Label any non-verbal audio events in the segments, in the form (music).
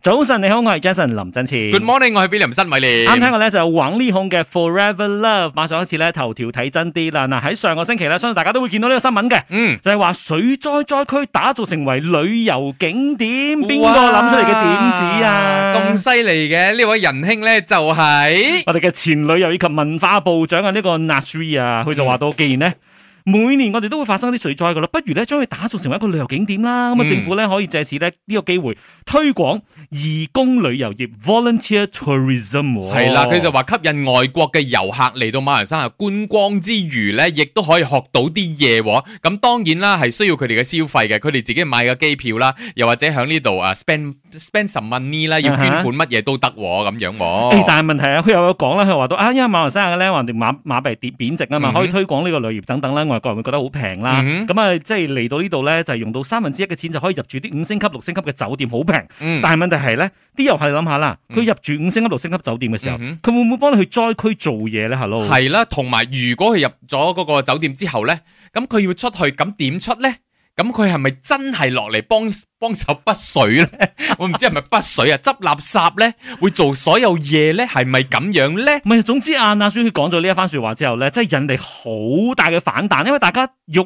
早晨，你好，我係 Jason 林振賜。Good morning，我係 William 申偉廉。啱聽過咧就係王力宏嘅 Forever Love。馬上開始咧頭條睇真啲啦。嗱、呃、喺上個星期咧，相信大家都會見到呢個新聞嘅，嗯，就係話水災災區打造成為旅遊景點。邊個諗出嚟嘅點子啊？咁犀利嘅呢位仁兄咧就係、是、我哋嘅前旅遊以及文化部長啊，呢個 Nazri 啊，佢就話到，既然呢。嗯每年我哋都會發生啲水災噶咯，不如咧將佢打造成一個旅遊景點啦。咁啊、嗯，政府咧可以借此咧呢個機會推廣義工旅遊業 （volunteer tourism）。係啦、嗯，佢、er 哦、就話吸引外國嘅遊客嚟到馬來西亞啊觀光之餘咧，亦都可以學到啲嘢。咁、哦、當然啦，係需要佢哋嘅消費嘅，佢哋自己買嘅機票啦，又或者喺呢度啊，spend spend some money 啦，要捐款乜嘢都得咁、uh huh. 樣。誒、哦欸，但係問題啊，佢又有講啦，佢話到啊，因為馬來西亞嘅咧話啲馬馬幣跌貶值啊嘛，mm hmm. 可以推廣呢個旅遊業等等啦。外國人會覺得好平啦，咁啊、嗯，嗯、即係嚟到呢度呢，就係、用到三分之一嘅錢就可以入住啲五星級、六星級嘅酒店，好平。嗯、但係問題係呢，啲遊客你諗下啦，佢入住五星級、六星級酒店嘅時候，佢、嗯嗯、會唔會幫你去災區做嘢呢？係咯，係啦，同埋如果佢入咗嗰個酒店之後呢，咁佢要出去，咁點出呢？咁佢係咪真係落嚟幫幫手潑水咧？ (laughs) 我唔知係咪潑水啊，執垃圾咧，會做所有嘢咧，係咪咁樣咧？唔係，總之啊，阿叔佢講咗呢一番說話之後咧，即係引嚟好大嘅反彈，因為大家郁。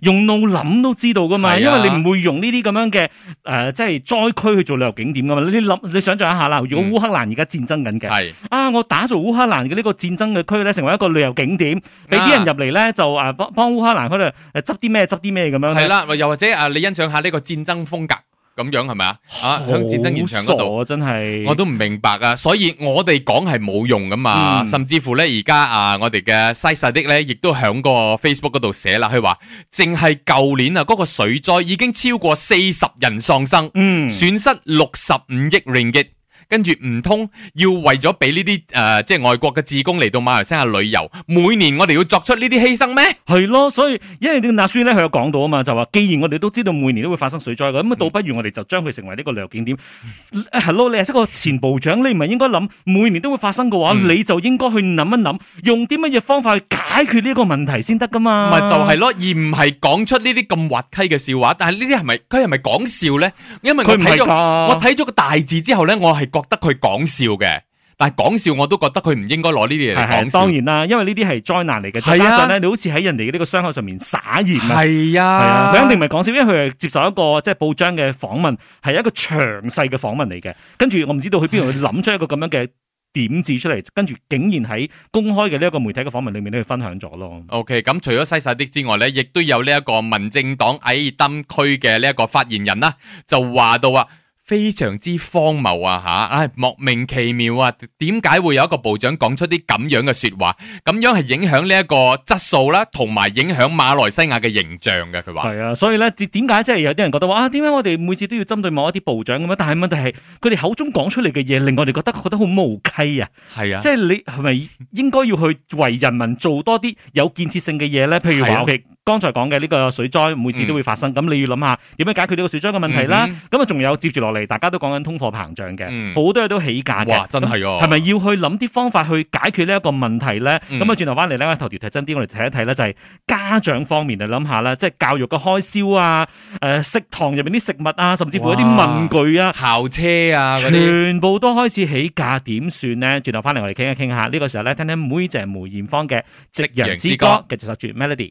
用腦諗都知道噶嘛，啊、因為你唔會用呢啲咁樣嘅，誒、呃，即係災區去做旅遊景點噶嘛。你諗，你想象一下啦，如果烏克蘭而家戰爭緊嘅，嗯、啊，我打造烏克蘭嘅呢個戰爭嘅區咧，成為一個旅遊景點，俾啲、啊、人入嚟咧就誒幫幫烏克蘭喺度誒執啲咩執啲咩咁樣係啦、啊，又或者啊，你欣賞下呢個戰爭風格。咁樣係咪啊？啊，喺好戰爭現場嗰度，我真係是我都唔明白啊！所以我哋講係冇用噶嘛，嗯、甚至乎咧，而家啊，我哋嘅西晒的咧，亦都響個 Facebook 嗰度寫啦，佢話淨係舊年啊，嗰個水災已經超過四十人喪生，嗯，損失六十五億令吉。跟住唔通要為咗俾呢啲誒，即係外國嘅自工嚟到馬來西亞旅遊，每年我哋要作出呢啲犧牲咩？係咯，所以因為阿叔咧，佢有講到啊嘛，就話既然我哋都知道每年都會發生水災嘅，咁啊倒不如我哋就將佢成為呢個旅遊景點，Hello，你係一個前部長，你唔係應該諗每年都會發生嘅話，你就應該去諗一諗，用啲乜嘢方法去解決呢個問題先得噶嘛？咪就係咯，而唔係講出呢啲咁滑稽嘅笑話。但係呢啲係咪佢係咪講笑咧？因為我睇咗我睇咗個大字之後咧，我係講。覺得佢講笑嘅，但係講笑我都覺得佢唔應該攞呢啲嘢嚟講笑。當然啦，因為呢啲係災難嚟嘅，加的上咧你好似喺人哋嘅呢個傷口上面撒鹽啊。係啊的，佢肯定唔係講笑，因為佢係接受一個即係報章嘅訪問，係一個詳細嘅訪問嚟嘅。跟住我唔知道佢邊度去諗出一個咁樣嘅點子出嚟，跟住的竟然喺公開嘅呢一個媒體嘅訪問裏面都去分享咗咯。OK，咁除咗西晒啲之外咧，亦都有呢一個民政黨矮登區嘅呢一個發言人啦，就話到啊。非常之荒謬啊！吓，唉，莫名其妙啊！點解會有一個部長講出啲咁樣嘅說話？咁樣係影響呢一個質素啦、啊，同埋影響馬來西亞嘅形象嘅、啊。佢話係啊，所以咧點解即係有啲人覺得話啊，點解我哋每次都要針對某一啲部長咁樣？但係問題係佢哋口中講出嚟嘅嘢，令我哋覺得覺得好無稽啊！係是啊即，即係你係咪應該要去為人民做多啲有建設性嘅嘢咧？譬如話。是啊 okay, 剛才講嘅呢個水災每次都會發生，咁、嗯、你要諗下點樣解決呢個水災嘅問題啦。咁啊、嗯，仲、嗯、有接住落嚟，大家都講緊通貨膨脹嘅，好、嗯、多嘢都起價嘅，真係係咪要去諗啲方法去解決呢一個問題咧？咁啊、嗯，轉頭翻嚟咧，頭條睇真啲，我哋睇一睇咧，就係家長方面啊，諗下啦，即係教育嘅開銷啊，誒、呃，食堂入面啲食物啊，甚至乎一啲文具啊、校車啊，全部都開始起價，點算呢？轉頭翻嚟，我哋傾一傾下呢個時候咧，聽聽妹姐梅艷芳嘅《夕陽之歌》嘅插曲 Melody。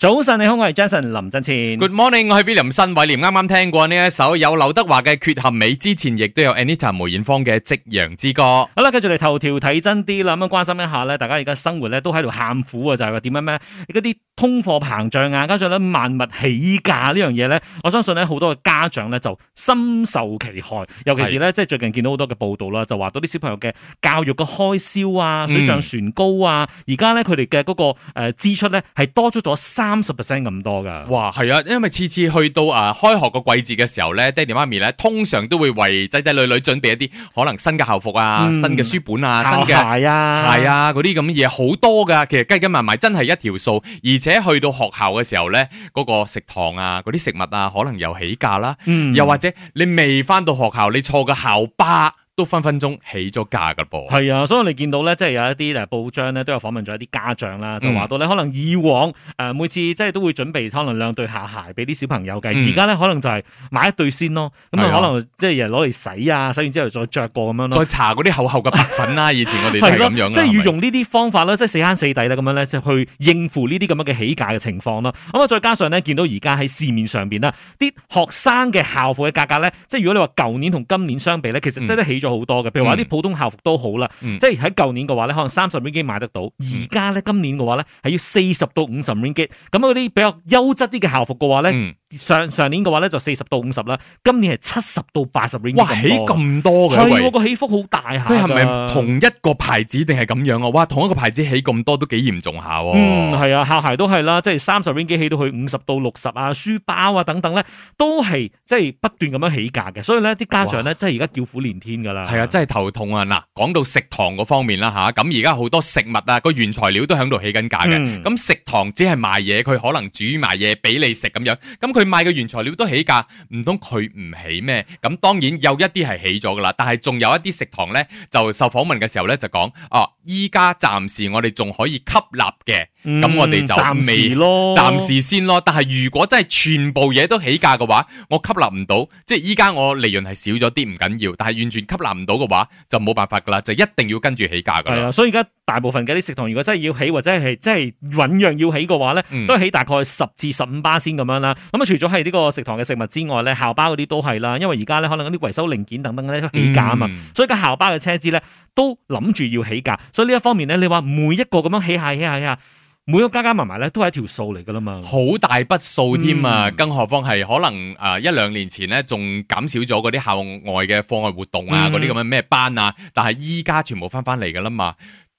早晨，你好，我係 Jason 林振前。Good morning，我係 Billy 林新偉。廉啱啱聽過呢一首有劉德華嘅《缺陷美》，之前亦都有 Anita 梅艷芳嘅《夕陽之歌》好。好啦，繼續嚟頭條睇真啲啦，咁樣關心一下咧，大家而家生活咧都喺度喊苦啊，就係話點樣咩？嗰啲通貨膨脹啊，加上咧萬物起價呢樣嘢咧，我相信咧好多嘅家長咧就深受其害，尤其是咧即係最近見到好多嘅報道啦，是就話到啲小朋友嘅教育嘅開銷啊，水漲船高啊，而家咧佢哋嘅嗰個誒支出咧係多出咗三。三十 percent 咁多噶，哇，係啊，因為次次去到啊開學個季節嘅時候咧，爹哋媽咪咧，通常都會為仔仔女女準備一啲可能新嘅校服啊、新嘅書本啊、嗯、新嘅的鞋啊、鞋啊嗰啲咁嘅嘢好多噶，其實計計埋埋真係一條數，而且去到學校嘅時候咧，嗰、嗰個食堂啊，嗰啲食物啊，可能又起價啦，嗯、又或者你未返到學校，你坐個校巴。都分分鐘起咗價㗎噃，係啊，所以我哋見到咧，即係有一啲誒報章咧，都有訪問咗一啲家長啦，就話到咧，可能以往誒每次即係都會準備可能兩對下鞋俾啲小朋友嘅，而家咧可能就係買一對先咯，咁啊可能即係攞嚟洗啊，洗完之後再着過咁樣咯，再搽嗰啲厚厚嘅白粉啦，以前我哋係咁樣，即係要用呢啲方法咧，即係死慳死抵啦，咁樣咧就去應付呢啲咁樣嘅起價嘅情況咯。咁啊再加上咧，見到而家喺市面上邊啦，啲學生嘅校服嘅價格咧，即係如果你話舊年同今年相比咧，其實真係起咗。好多嘅，譬如話啲普通校服都好啦，嗯、即係喺舊年嘅話咧，可能三十蚊幾買得到，而家咧今年嘅話咧係要四十到五十蚊幾，咁嗰啲比較優質啲嘅校服嘅話咧。嗯上上年嘅話咧就四十到五十啦，今年係七十到八十 ring 哇，起咁多嘅係，我個、啊、起伏好大下。佢係咪同一個牌子定係咁樣啊？哇，同一個牌子起咁多都幾嚴重下、啊。嗯，係啊，校鞋都係啦，即係三十 ring 幾起到去五十到六十啊，書包啊等等咧，都係即係不斷咁樣起價嘅。所以咧，啲家長咧即係而家叫苦連天噶啦。係啊，真係頭痛啊嗱。講到食堂嗰方面啦吓，咁而家好多食物啊個原材料都喺度起緊價嘅。咁、嗯、食堂只係賣嘢，佢可能煮埋嘢俾你食咁樣，咁佢賣嘅原材料都起價，唔通佢唔起咩？咁當然有一啲係起咗噶啦，但係仲有一啲食堂呢，就受訪問嘅時候呢，就講，哦、啊，依家暫時我哋仲可以吸納嘅，咁、嗯、我哋就暫時咯，暫時咯，暫時先咯。但係如果真係全部嘢都起價嘅話，我吸納唔到，即係依家我利潤係少咗啲唔緊要，但係完全吸納唔到嘅話，就冇辦法噶啦，就一定要跟住起價噶啦。係啊，所以而家大部分嘅啲食堂，如果真係要起或者係真係揾樣要起嘅話呢，都起大概十至十五巴先咁樣啦。咁、嗯除咗係呢個食堂嘅食物之外咧，校巴嗰啲都係啦，因為而家咧可能嗰啲維修零件等等咧、嗯、都起價啊嘛，所以個校巴嘅車資咧都諗住要起價，所以呢一方面咧，你話每一個咁樣起下起下起下，每個加加埋埋咧都係條數嚟噶啦嘛，好大筆數添啊，嗯、更何況係可能誒一兩年前咧，仲減少咗嗰啲校外嘅課外活動啊，嗰啲咁樣咩班啊，但係依家全部翻翻嚟噶啦嘛。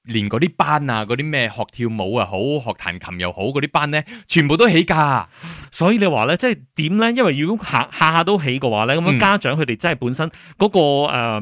連嗰啲班啊，嗰啲咩學跳舞又好，學彈琴又好，嗰啲班咧，全部都起㗎。所以你話咧，即係點咧？因為如果下下下都起嘅話咧，咁樣、嗯、家長佢哋真係本身嗰、那個誒。呃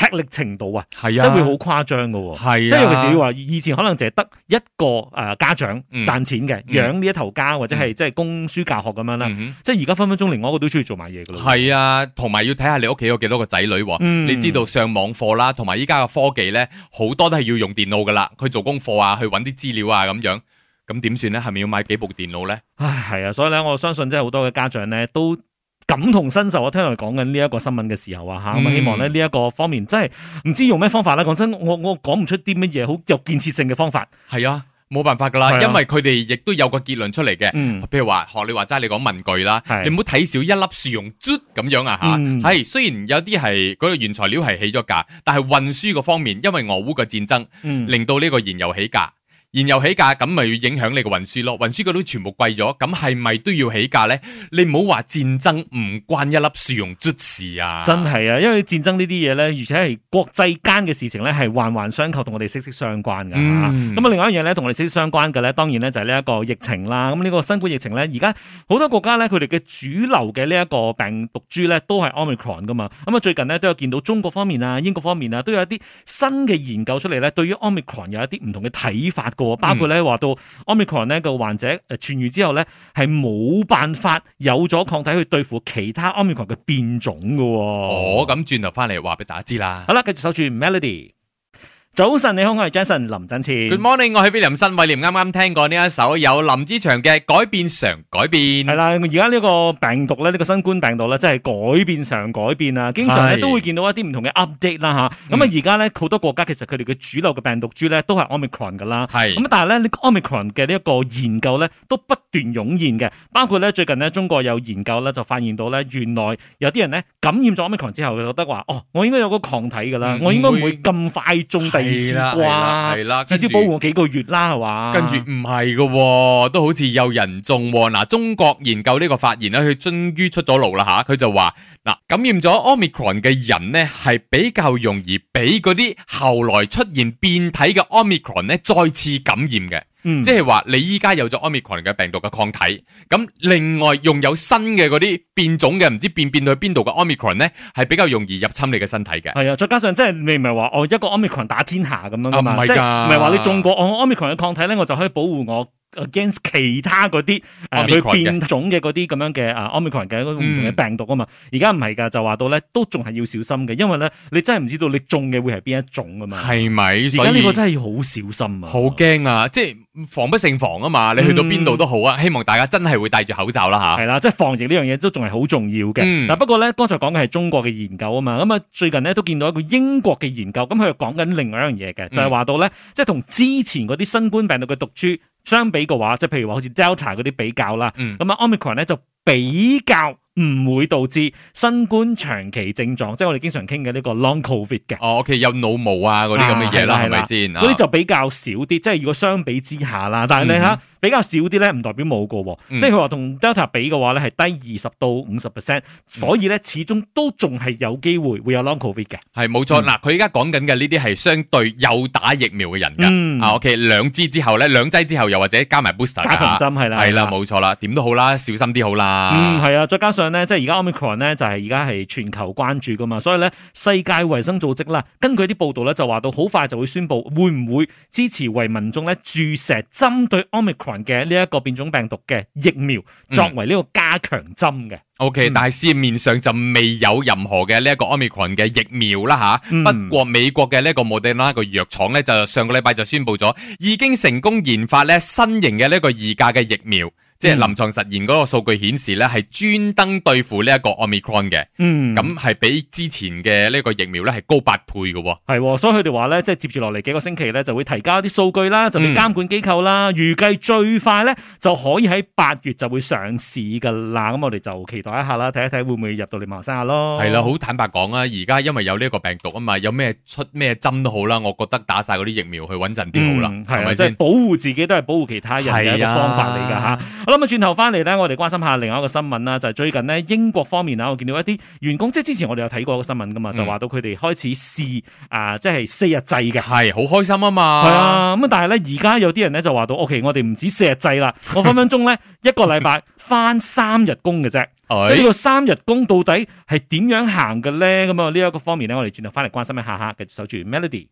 吃力程度啊，係啊，真會好誇張噶，係啊，啊即係尤其是你話以前可能淨係得一個誒家長賺錢嘅養呢一頭家，嗯、或者係即係供書教學咁樣啦，嗯、即係而家分分鐘另外一個都中意做埋嘢噶咯，係啊，同埋要睇下你屋企有幾多個仔女喎，啊，嗯、你知道上網課啦，同埋依家嘅科技咧好多都係要用電腦噶啦，佢做功課啊，去搵啲資料啊咁樣，咁點算咧？係咪要買幾部電腦咧？唉，係啊，所以咧，我相信即係好多嘅家長咧都。感同身受，我聽佢講緊呢一個新聞嘅時候啊，吓咁、嗯、希望咧呢一個方面真係唔知用咩方法咧。講真，我我講唔出啲乜嘢好有建設性嘅方法。係啊，冇辦法㗎喇，啊、因為佢哋亦都有個結論出嚟嘅。嗯，譬如話學你話齋，你講文句啦，是你唔好睇少一粒樹用卒咁樣啊吓。係、嗯、雖然有啲係嗰個原材料係起咗價，但係運輸個方面，因為俄烏嘅戰爭，嗯、令到呢個燃油起價。原油起價，咁咪要影響你嘅運輸咯？運輸嗰度全部貴咗，咁係咪都要起價咧？你唔好話戰爭唔關一粒樹用卒事啊！真係啊，因為戰爭呢啲嘢咧，而且係國際間嘅事情咧，係環環相扣，同我哋息息相關噶。咁啊、嗯，另外一樣嘢咧，同我哋息息相關嘅咧，當然咧就係呢一個疫情啦。咁、這、呢個新冠疫情咧，而家好多國家咧，佢哋嘅主流嘅呢一個病毒株咧，都係 Omicron 噶嘛。咁啊，最近咧都有見到中國方面啊、英國方面啊，都有一啲新嘅研究出嚟咧，對於 Omicron 有一啲唔同嘅睇法。包括咧話到 Omicron 咧個患者誒痊愈之後咧，係冇辦法有咗抗體去對付其他 Omicron 嘅變種噶。哦，咁轉頭翻嚟話俾大家知啦。好啦，繼續守住 Melody。早晨，你好，我係 Jason 林振千。Good morning，我係 William 新偉廉。啱啱聽過呢一首有林志祥嘅《改變常改變》。係啦，而家呢一個病毒咧，呢、呢個新冠病毒咧，真係改變常改變啊！經常咧的都會見到一啲唔同嘅 update 啦吓。咁啊，而家咧好多國家其實佢哋嘅主流嘅病毒株咧都係 omicron 噶啦。係咁的，但係咧呢、呢個 omicron 嘅呢一個研究咧都不斷湧現嘅。包括咧最近咧中國有研究咧就發現到咧原來有啲人咧感染咗 omicron 之後，覺得話哦，我應該有個抗體噶啦，嗯、我應該唔會咁快中地的。係啦，係啦，至少保護我幾個月啦，係嘛？跟住唔係噶，都好似有人中喎。嗱，中國研究呢個發現咧，佢終於出咗爐啦吓，佢就話嗱，感染咗 Omicron 嘅人咧，係比較容易俾嗰啲後來出現變體嘅 Omicron 咧再次感染嘅。嗯，即係話你依家有咗 omicron 嘅病毒嘅抗體，咁另外用有新嘅嗰啲變種嘅唔知變變到去邊度嘅 omicron 咧，係比較容易入侵你嘅身體嘅。係啊，再加上即係你唔係話哦一個 omicron 打天下咁樣噶嘛，啊、即係唔係話你中過哦 omicron 嘅抗體咧，我就可以保護我。against 其他嗰啲誒佢變種嘅嗰啲咁樣嘅誒 omicron 嘅一個唔同嘅病毒啊嘛。而家唔係噶，就話到咧都仲係要小心嘅，因為咧你真係唔知道你中嘅會係邊一種啊嘛，係咪？所以呢個真係要好小心啊，好驚啊，即係防不勝防啊嘛，你去到邊度都好啊，希望大家真係會戴住口罩啦吓，係啦，即係防疫呢樣嘢都仲係好重要嘅。嗱不過咧剛才講嘅係中國嘅研究啊嘛，咁啊最近咧都見到一個英國嘅研究，咁佢又講緊另外一樣嘢嘅，就係話到咧即係同之前嗰啲新冠病毒嘅毒株。相比嘅話，即係譬如話好似 Delta 嗰啲比較啦，咁啊、嗯、Omicron 咧就比較唔會導致新冠長期症狀，即、就、係、是、我哋經常傾嘅呢個 Long COVID 嘅。CO 哦，OK，有腦霧啊嗰啲咁嘅嘢啦，係咪先？嗰啲些吧就比較少啲，啊、即係如果相比之下啦，但係你睇。嗯嗯比較少啲咧，唔代表冇個，即係佢話同 Delta 比嘅話咧係低二十到五十 percent，所以咧始終都仲係有機會會有 long covid 嘅。係冇錯嗱，佢而家講緊嘅呢啲係相對有打疫苗嘅人噶，嗯、啊 OK 兩支之後咧，兩劑之後又或者加埋 booster 嘅吓，加針係啦，係啦冇錯啦，點都好啦，小心啲好啦。嗯，係啊，再加上咧，即係而家 omicron 咧就係而家係全球關注噶嘛，所以咧世界衛生組織啦，根據啲報道咧就話到好快就會宣布會唔會支持為民眾咧注射針對 omicron。嘅呢一個變種病毒嘅疫苗作為呢個加強針嘅。OK，但係市面上就未有任何嘅呢一個 omicron 嘅疫苗啦嚇。不過美國嘅呢個莫德納個藥廠咧，就上個禮拜就宣布咗已經成功研發咧新型嘅呢一個二價嘅疫苗。即係臨床實驗嗰個數據顯示咧，係專登對付呢一個 Omicron 嘅，咁係、嗯、比之前嘅呢個疫苗咧係高八倍嘅。係，所以佢哋話咧，即係接住落嚟幾個星期咧，就會提交啲數據啦，就俾監管機構啦，嗯、預計最快咧就可以喺八月就會上市噶啦。咁我哋就期待一下啦，睇一睇會唔會入到你麻生下咯。係啦，好坦白講啊，而家因為有呢一個病毒啊嘛，有咩出咩針都好啦，我覺得打晒嗰啲疫苗去穩陣啲好啦，係咪、嗯、的即係？保護自己都係保護其他人嘅方法嚟噶吓。的咁啊，轉頭翻嚟咧，我哋關心下另外一個新聞啦，就係、是、最近咧英國方面啊，我見到一啲員工，即係之前我哋有睇過一個新聞噶嘛，嗯、就話到佢哋開始試啊、呃，即係四日制嘅，係好開心啊嘛。係啊，咁但係咧而家有啲人咧就話到，OK，我哋唔止四日制啦，我分分鐘咧 (laughs) 一個禮拜翻三日工嘅啫。係，呢個三日工到底係點樣行嘅咧？咁啊，呢一個方面咧，我哋轉頭翻嚟關心一下下，繼續守住 Melody。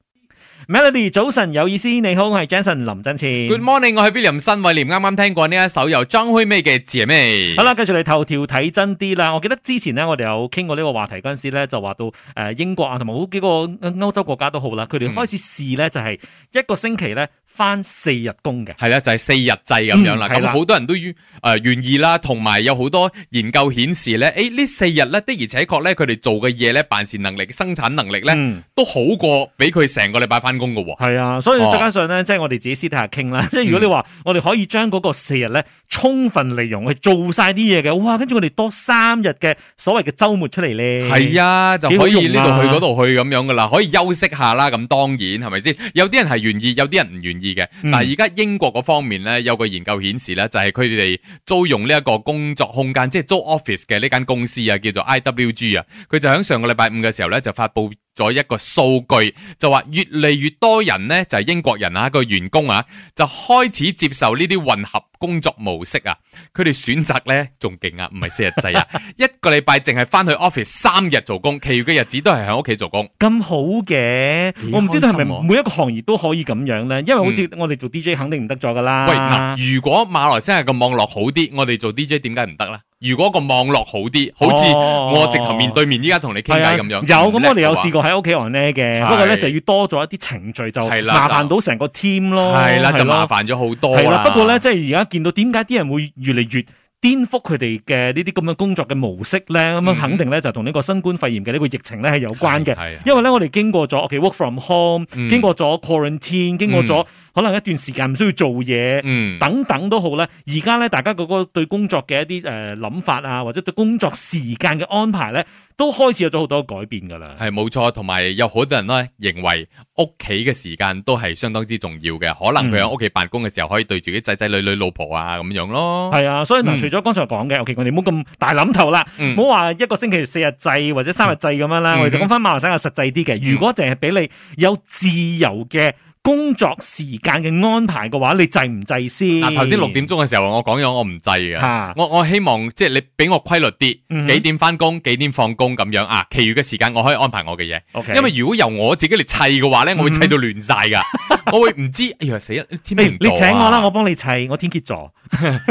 Melody，早晨有意思，你好，係 Jason 林振慈。Good morning，我係 Billy 林新偉，你啱啱聽過呢一首由張開咩嘅字係咩？好啦，繼續嚟頭條睇真啲啦。我記得之前咧，我哋有傾過呢個話題嗰陣時咧，就話到誒英國啊，同埋好幾個歐洲國家都好啦，佢哋開始試咧就係一個星期咧返四日工嘅，係啦，就係四日制咁樣啦。咁好多人都願誒願意啦，同埋有好多研究顯示咧，誒呢四日咧的而且確咧，佢哋做嘅嘢咧，辦事能力、生產能力咧，都好過俾佢成個禮拜返。翻工嘅係啊，所以再加上咧，哦、即係我哋自己私底下傾啦。即係、嗯、如果你話我哋可以將嗰個四日咧充分利用去做晒啲嘢嘅，哇！跟住我哋多三日嘅所謂嘅周末出嚟咧，係啊，就可以呢度、啊、去嗰度去咁樣噶啦，可以休息下啦。咁當然係咪先？有啲人係願意，有啲人唔願意嘅。但而家英國嗰方面咧，有個研究顯示咧，就係佢哋租用呢一個工作空間，即係租 office 嘅呢間公司啊，叫做 IWG 啊，佢就喺上個禮拜五嘅時候咧就發布。咗一個數據，就話越嚟越多人呢，就係英國人啊個員工啊，就開始接受呢啲混合。工作模式啊，佢哋選擇咧仲勁啊，唔係四日制啊， (laughs) 一個禮拜淨係翻去 office 三日做工，其餘嘅日子都係喺屋企做工，咁好嘅，啊、我唔知道係咪每一個行業都可以咁樣咧，因為好似我哋做 DJ 肯定唔得咗噶啦。喂、呃，如果馬來西亞係個網絡好啲，我哋做 DJ 點解唔得咧？如果個網絡好啲，好似我直頭面對面依家同你傾偈咁樣，哦、有咁、嗯、我哋有試過喺屋企 online 嘅，不過咧就是、要多咗一啲程序，就麻煩到成個 team 咯，係啦，就麻煩咗好多。不過咧，即係而家。見到點解啲人會越嚟越顛覆佢哋嘅呢啲咁嘅工作嘅模式咧？咁樣、mm hmm. 肯定咧就同呢個新冠肺炎嘅呢個疫情咧係有關嘅。係嘅。因為咧我哋經過咗 work from home，mm hmm. 經過咗 quarantine，經過咗、mm。Hmm. 可能一段時間唔需要做嘢，等等都好啦。而家咧，大家嗰個對工作嘅一啲誒諗法啊，或者對工作時間嘅安排咧，都開始有咗好多改變㗎喇。係冇錯，同埋有好多人咧認為屋企嘅時間都係相當之重要嘅。可能佢喺屋企辦公嘅時候，可以對住啲仔仔女女、老婆啊咁樣咯。係啊，所以嗱，嗯、除咗剛才講嘅，尤、OK，其我哋冇咁大諗頭啦，唔好話一個星期四日制或者三日制咁樣啦。嗯、我哋就講返馬來西亞實際啲嘅，嗯、如果淨係俾你有自由嘅。工作時間嘅安排嘅話，你制唔制先？嗱，頭先六點鐘嘅時候我我，哈我講咗我唔制㗎。我我希望即係你俾我規律啲、嗯，幾點翻工，幾點放工咁樣啊？其餘嘅時間我可以安排我嘅嘢。Okay. 因為如果由我自己嚟砌嘅話咧，我會砌到亂晒㗎。嗯、我會唔知。 (laughs) 哎呀死啦！你請我啦，我幫你砌。我天蠍座，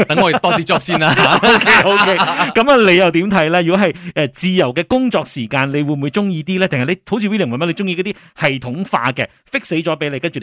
等 (laughs) (laughs) 我多啲 job 先啦。 (laughs) OK 咁啊，你又點睇咧？如果係誒自由嘅工作時間，你會唔會中意啲咧？定係你好似 William 咁樣，你中意嗰啲系統化嘅 fix 死咗俾你，跟住